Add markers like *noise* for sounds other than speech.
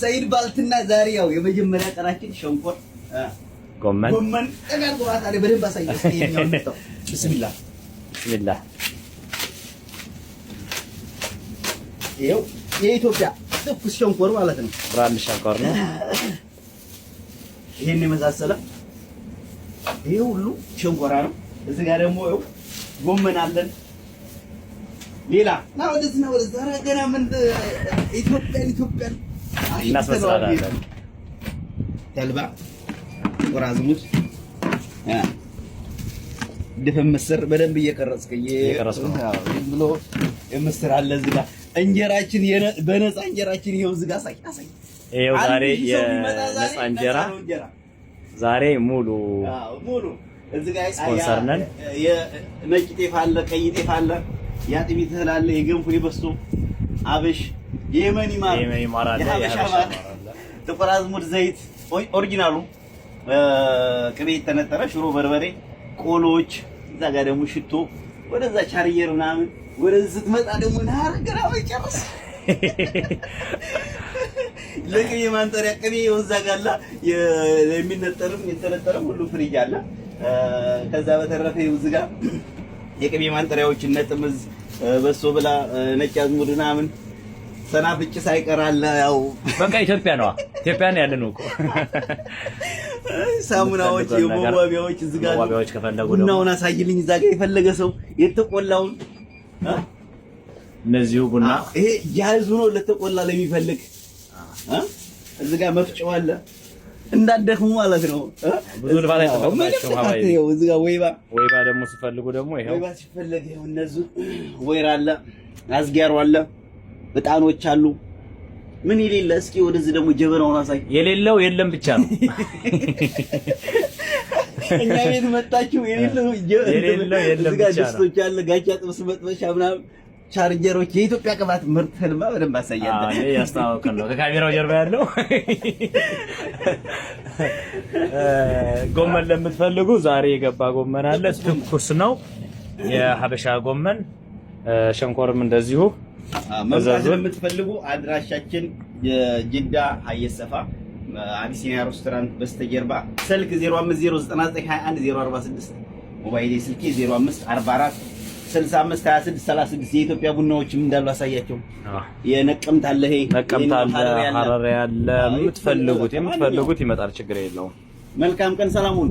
ሰይድ ባልትና ዛሬ ያው የመጀመሪያ ቀናችን ሸንኮር ጎመን ጎመን ጠቃር ጎራት አለ። በደንብ አሳየው። *laughs* ቢስሚላ ቢስሚላ። ይኸው የኢትዮጵያ ትኩስ ሸንኮር ማለት ነው። ብራንድ ሸንኮር ነው። ይሄን የመሳሰለ ይሄ ሁሉ ሸንኮራ ነው። እዚህ ጋር ደግሞ ይኸው ጎመን አለን። ሌላ ና ወደዚህ ና ወደዚህ። ኧረ ገና ምን ኢትዮጵያን ኢትዮጵያን እናስመስላለን። ተልባ፣ ጥቁር አዝሙድ፣ ድፍን ምስር በደንብ እየቀረጽክ እየቀረጽክ ብሎ ምስር አለ እዚህ ጋር እንጀራችን በነፃ እንጀራችን ይሄው እዚህ ጋር ሳይ ዛሬ የነፃ እንጀራ ዛሬ ሙሉ ሙሉ እዚህ ጋር ስፖንሰር ነን። የነጭ ጤፍ አለ፣ ቀይ ጤፍ አለ፣ ያጥሚት እህል አለ፣ የገንፎ የበሶ አብሽ የመን ማር፣ የሀበሻ ማር፣ ጥቁር አዝሙድ ዘይት ኦሪጂናሉ፣ ቅቤ የተነጠረ ሽሮ፣ በርበሬ፣ ቆሎች፣ እዛ ጋር ደግሞ ሽቶ፣ ወደዛ ቻርየር ምናምን፣ ወደዚህ ስትመጣ ደግሞ ናረገራዊ ጨርስ *laughs* ለቅቤ ማንጠሪያ ቅቤ ወዛ ጋላ የሚነጠርም የተነጠረም ሁሉ ፍሪጅ አለ። ከዛ በተረፈ ውዝ ጋር የቅቤ ማንጠሪያዎችን ነጥምዝ፣ በሶ ብላ፣ ነጭ አዝሙድ ምናምን ሰናፍጭ ሳይቀራለ ያው በቃ ኢትዮጵያ ነዋ። ኢትዮጵያ ነው ያለ እኮ ሳሙናዎች፣ የመዋቢያዎች እዚህ ጋር ከፈለጉ ቡናውን አሳይልኝ። እዛ ጋር የፈለገ ሰው የተቆላውን እነዚሁ ቡና ይሄ ያዙ ነው ለተቆላ ለሚፈልግ እዚህ ጋር መፍጫው አለ እንዳደክሙ ማለት ነው። ብዙ ልፋት አይጠፋባቸው። እዚህ ጋር ወይባ ወይባ ደግሞ ሲፈልጉ ደግሞ ይሄው ወይባ ሲፈልግ ይሄው እነዚህ ወይራ አለ አዝጊያሩ አለ እጣኖች አሉ። ምን የሌለ እስኪ ወደዚህ ደግሞ ጀበናውን አሳይ። የሌለው የለም ብቻ ነው። እኛ ቤት መጣችሁ የሌለው የሌለው የለም ብቻ ነው። ድስቶች አለ፣ ጋቻ ጥብስ መጥበሻ ምናምን ቻርጀሮች የኢትዮጵያ ቅባት ምርትህንማ በደንብ አሳያለሁ። አይ ነው ከካሜራው ጀርባ ያለው ጎመን ለምትፈልጉ ዛሬ የገባ ጎመን አለ። ትኩስ ነው የሀበሻ ጎመን። ሸንኮርም እንደዚሁ መምጣት ለምትፈልጉ አድራሻችን የጅዳ አየሰፋ አቢሲኒያ ሬስቶራንት በስተጀርባ ስልክ 0509921046 ሞባይል ስልኬ 0544 የኢትዮጵያ ቡናዎችም እንዳሉ አሳያቸው። የነቀምት አለ፣ ይሄ ነቀምት አለ፣ ሀረር ያለ የምትፈልጉት የምትፈልጉት ይመጣል። ችግር የለውም። መልካም ቀን፣ ሰላሙን